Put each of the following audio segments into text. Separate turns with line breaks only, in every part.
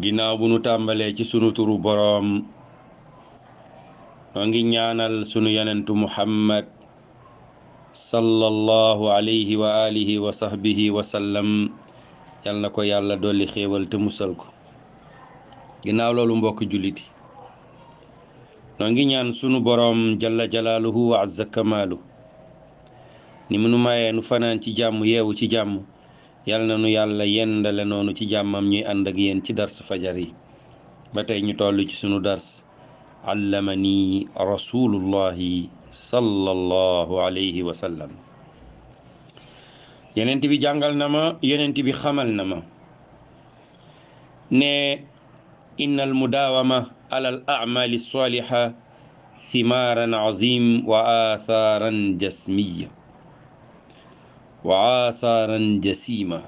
ginnaaw bu nu tàmbalee ci sunu turu boroom noo ngi ñaanal sunu yonentu muhammad sallallahu alayhi wa alihi wa sahbihi wa sallam yal na ko yàlla dolli xéewal te musal ko ginnaaw loolu mbokk julliti noo ngi ñaan sunu boroom jalla jalaaluhu wa azza kamaalu ni mu nu mayee nu fanaan ci jàmm yeewu ci jàmm yal na nu yàlla yendale noonu ci jàmmam ñuy ànd ak yéen ci dars fajar yi ba tey ñu toll ci sunu dars allamani rasulullahi sallallahu alayhi wa sallam yenent bi jàngal na ma yenent bi xamal na ma ne inna al mudaawama ala al amali saliha thimaaran azim wa athaaran jasmiya wa aasaaran jasima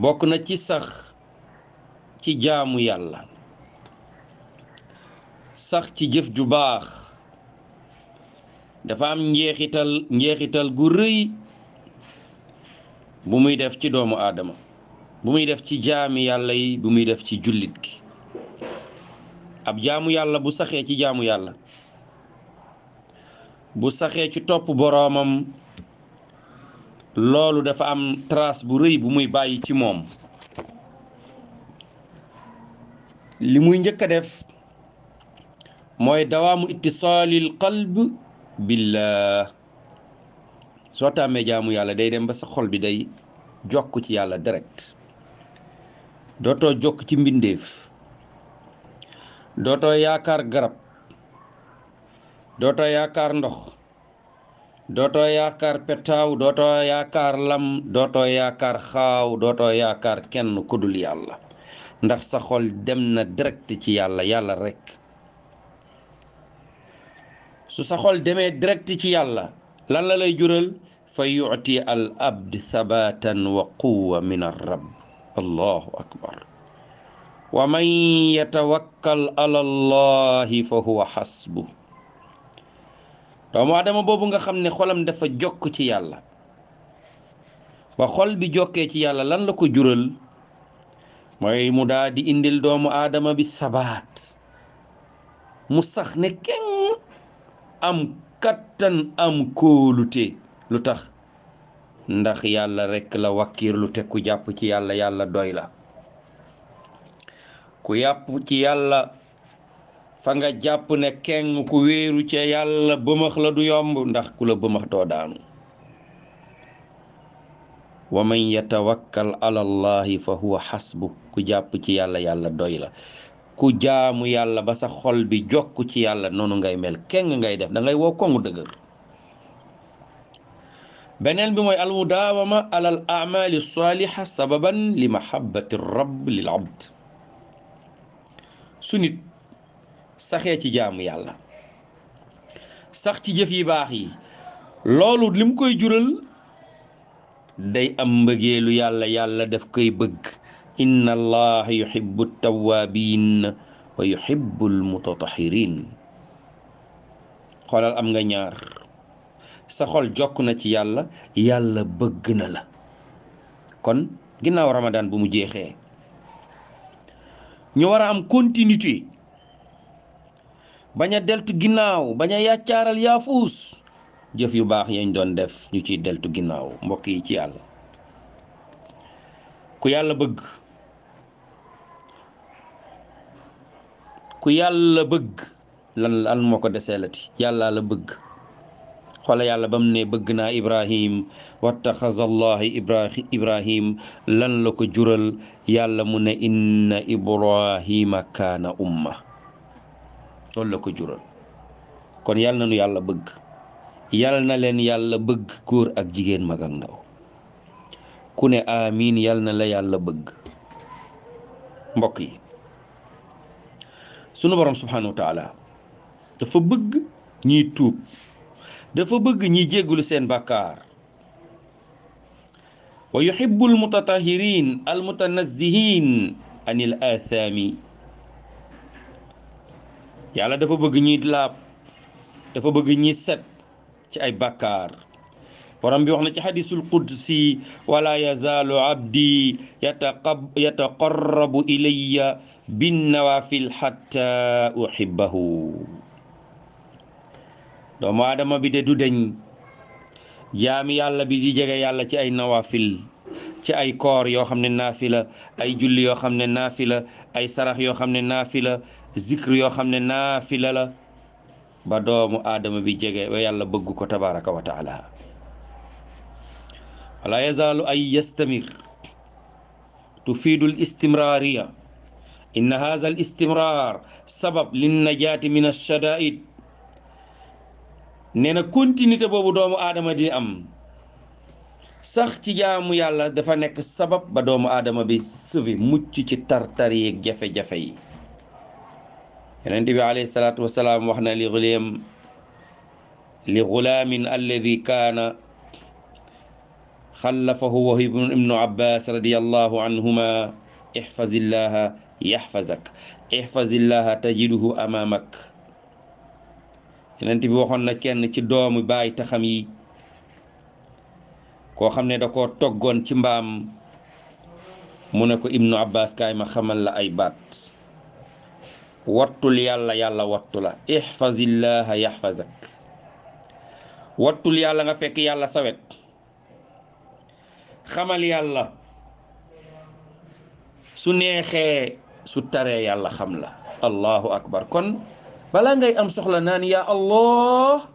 bokk na ci sax ci jaamu yàlla sax ci jëf ju baax dafa am njeexital njeexital gu rëy bu muy def ci doomu aadama bu muy def ci jaami yàlla yi bu muy def ci jullit gi ab jaamu yàlla bu saxee ci jaamu yàlla bu saxee ci topp boroomam loolu dafa am trace bu rëy bu muy bàyyi ci moom li muy njëkk a def mooy dawaamu ittisaalil qalb billah soo tàmmee jaamu yàlla day dem ba sa xol bi day jokk ci yàlla direct dootoo jokk ci mbindeef dootoo yaakaar garab dooto yaakaar ndox dooto yaakaar petaaw dootoo yaakaar lam dootoo yaakaar xaaw dooto yaakaar kenn ku dul yàlla ndax saxol xol dem na direct ci yàlla yàlla rekk su saxol xol demee direct ci yàlla lan lay jural fa yuti al abd thabatan wa quwa min ar rabb allahu akbar wa man yatawakkal ala fa huwa xasbu doomu adama boobu nga xam ne xolam dafa jokk ci yàlla ba xol bi jokkee ci yàlla lan la ko jural mooy mu daa di indil doomu aadama bi sabaat mu sax ne kenn am kattan am kóolute lu tax ndax yàlla rekk la lu te ku jàpp ci yàlla yàlla doy la ku yàpp ci yàlla fa nga jàpp ne kenn ku wéeru ca yàlla bëmax la du yomb ndax ku la bëmax doo daanu wa man yatawakkal ala fa huwa xasbu ku jàpp ci yàlla yàlla doy la ku jaamu yàlla ba sa xol bi jokk ci yàlla noonu ngay mel kenn ngay def da woo kongu dëgër beneen bi mooy almudaawama ala al amali saaliha sababan li mahabbati rabb lil abd su nit saxee ci jaamu yàlla sax ci jëf yi baax yi loolu lim koy jural day am mbëggeelu yàlla yàlla daf koy bëgg inna allaha yuhibbu tawaabiin wa yuhibbu almutatahiriin xoolal am nga ñaar sa xol jokk na ci yàlla yàlla bëgg na la kon ginnaaw ramadaan bu mu jeexee ñu war a am continuité bañ a deltu ginnaaw bañ a yàccaaral yaafuus jëf yu baax yañ doon def ñu ciy deltu ginnaaw mbokk yi ci yàlla ku yàlla bëgg ku yàlla bëgg lan lan moo ko deseelati la bëgg xoola yàlla ba mu ne bëgg naa ibrahim wattaxaza allahi ibrahim lan la ko jural yàlla mu ne inna ibrahima kaana umma loolu ko jural kon yàlla na nu yàlla bëgg yàlla na leen yàlla bëgg góor ak jigéen mag ndaw ku ne amiin yàlla na la yàlla bëgg mbokk yi sunu borom subhanahu wa dafa bëgg ñiy tuub dafa bëgg ñiy jéggulu seen bàkkaar wa yuhibbul mutatahirin al mutanazzihin anil athami yàlla dafa bëgg ñiit laab dafa bëgg ñuy set ci ay bàkkaar borom bi wax na ci xadisul qudsi wala yazaalu abdi yataqarrabu ilayya bin nawafil xatta uhibbahu doomu aadama bi de du deñ jaami yàlla bi di jege yàlla ci ay nawafil ci ay koor yoo xam ne naafila ay julli yoo xam ne naafila ay sarax yoo xam ne naafila zikr yoo xam ne naafila la ba doomu aadama bi jege ba yàlla bëgg ko tabaraka wa taala wala yazaalu ay yastamir tufiidu l istimraariya inna haza sabab linnajaati min alchadaid nee na continuité boobu doomu aadama di am sax ci jaamu yàlla dafa nekk sabab ba doomu aadama bi sufi mucc ci tartar yi jafe-jafe yi yonent bi alayhi salaatu wasalaam wax na li gulaam li gulaamin alladi kaana xallafahu wa ibnu abbas radiallahu anhuma ixfazillaha yaxfazak ixfazillaha tajiduhu amaamak yonent bi waxoon na kenn ci doomu baay taxam yi koo xam ne da koo toggoon ci mbaam mu ne ko ibnu abbas kaay ma xamal la ay baat wattul yàlla yàlla wattu la ihfazillaha yahfazak wattul yàlla nga fekk yàlla sawet xamal yàlla su neexee su tare yàlla xam la allahu akbar kon balaa ngay am soxla naan yaa allah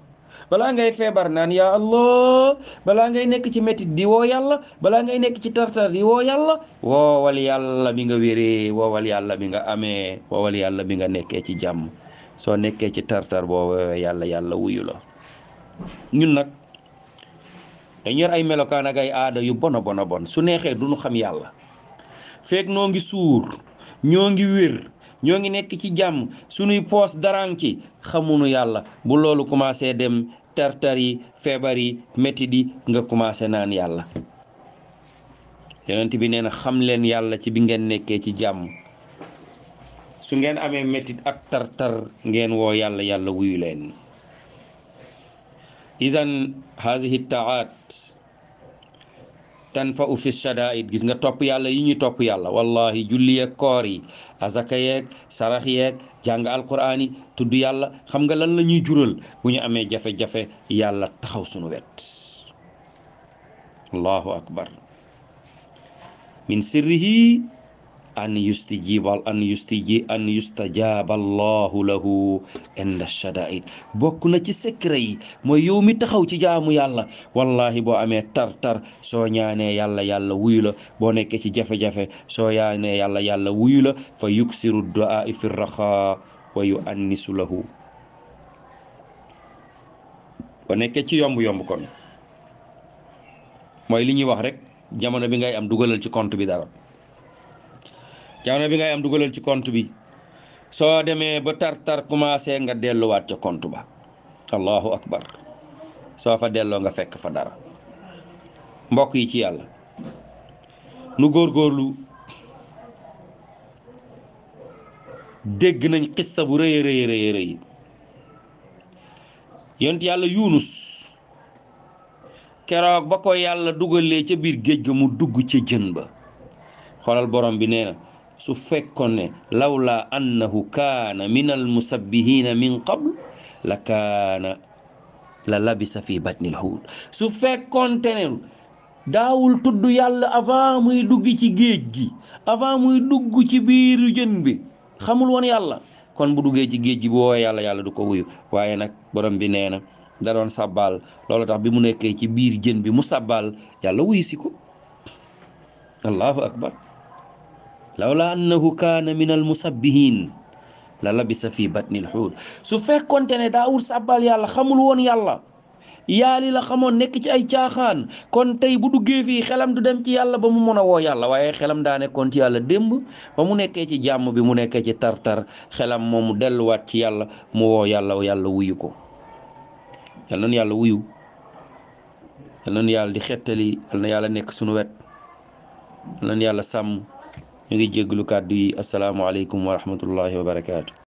bala ngay feebar naan yaa allah balaa ngay nekk ci métit di woo yàlla balaa ngay nekk ci tartar di woo yàlla woowal yàlla bi nga wéree woowal yàlla bi nga amee woowal yàlla bi nga nekkee ci jàmm soo nekkee ci tartar boo woowee yàlla yàlla wuyu la ñun nag dañ yor ay melokaan ak ay aada yu bon a bon a bon su neexee duñu xam yàlla feek noo ngi suur ñoo ngi wér ñoo ngi nekk ci jàmm suñuy poos daranki xamunu yàlla bu loolu commencé dem tartar yi feebar yi métti di nga commencé naan yàlla yonent bi nee na xam leen yàlla ci bi ngeen nekkee ci jàmm su ngeen amee métit ak tartar ngeen woo yàlla yàlla wuyu leen izan hazihi taat tan fa u shadaid gis nga topp yàlla yi ñu topp yàlla wallahi julli yeeg koor yi azaka yeeg sarax yeeg jàng alquran tudd yàlla xam nga lan la ñuy jural bu ñu amee jafe-jafe yàlla taxaw sunu wet allahu akbar min sirrihi an yustijibal an yustiji an yustajaba allahu lahu inda shadaid bokk na ci secret yi mooy yow mi taxaw ci jaamu yàlla wallahi boo amee tar-tar soo ñaanee yàlla yàlla wuyu la boo nekkee ci jafe-jafe soo ñaanee yàlla yàlla wuyu la fa yuksiru du'a fi raxa wa yu annisu lahu boo nekkee ci yomb-yomb kon mooy li ñuy wax rek jamono bi ngay am dugalal ci compte bi dara jamono bi ngay am dugalal ci compte bi soo demee ba tar-tar commencé nga delluwaat ca kont ba allahu akbar soo fa delloo nga fekk fa dara mbokk yi ci yàlla nu góor góorlu dégg nañ xista bu rëy rëy rëy rëy yont yàlla yunus keroog ba ko yàlla dugalee ca biir géej ga mu dugg ca jën ba xoolal borom bi nee na su fekkoon ne lawla annahu kaana min al musabbihina min qabl la kaana la labisa fi batni al su fekkoon ne daawul tudd yàlla avant muy dugg ci géej gi avant muy dugg ci biiru jën bi xamul woon yàlla kon bu duggee ci géej gi bu woowee yàlla yàlla du ko wuyu waaye nag borom bi nee na da doon sàbbaal loolu tax bi mu nekkee ci biir jën bi mu sàbbaal yàlla wuyu si ko allahu akbar law lawla annahu kaana min al musabbihin la labisa fi batnil xuut su fekkonte ne daawul sàbbal yàlla xamul woon yàlla yaali la xamoon nekk ci ay caaxaan kon tey bu duggee fii xelam du dem ci yàlla ba mu mën a woo yàlla waaye xelam daa nekkoon ci yàlla démb ba mu nekkee ci jàmm bi mu nekkee ci tartar xelam moom mu delluwaat ci yàlla mu woo yàlla yàlla wuyu ko yal na yàlla wuyu yal na yàlla di xettali yàlla nekk sunu wet yàlla sàmm ñu ngi jégglu kàddu yi asalaamaaleykum wa rahmatullahi wa barakaatu.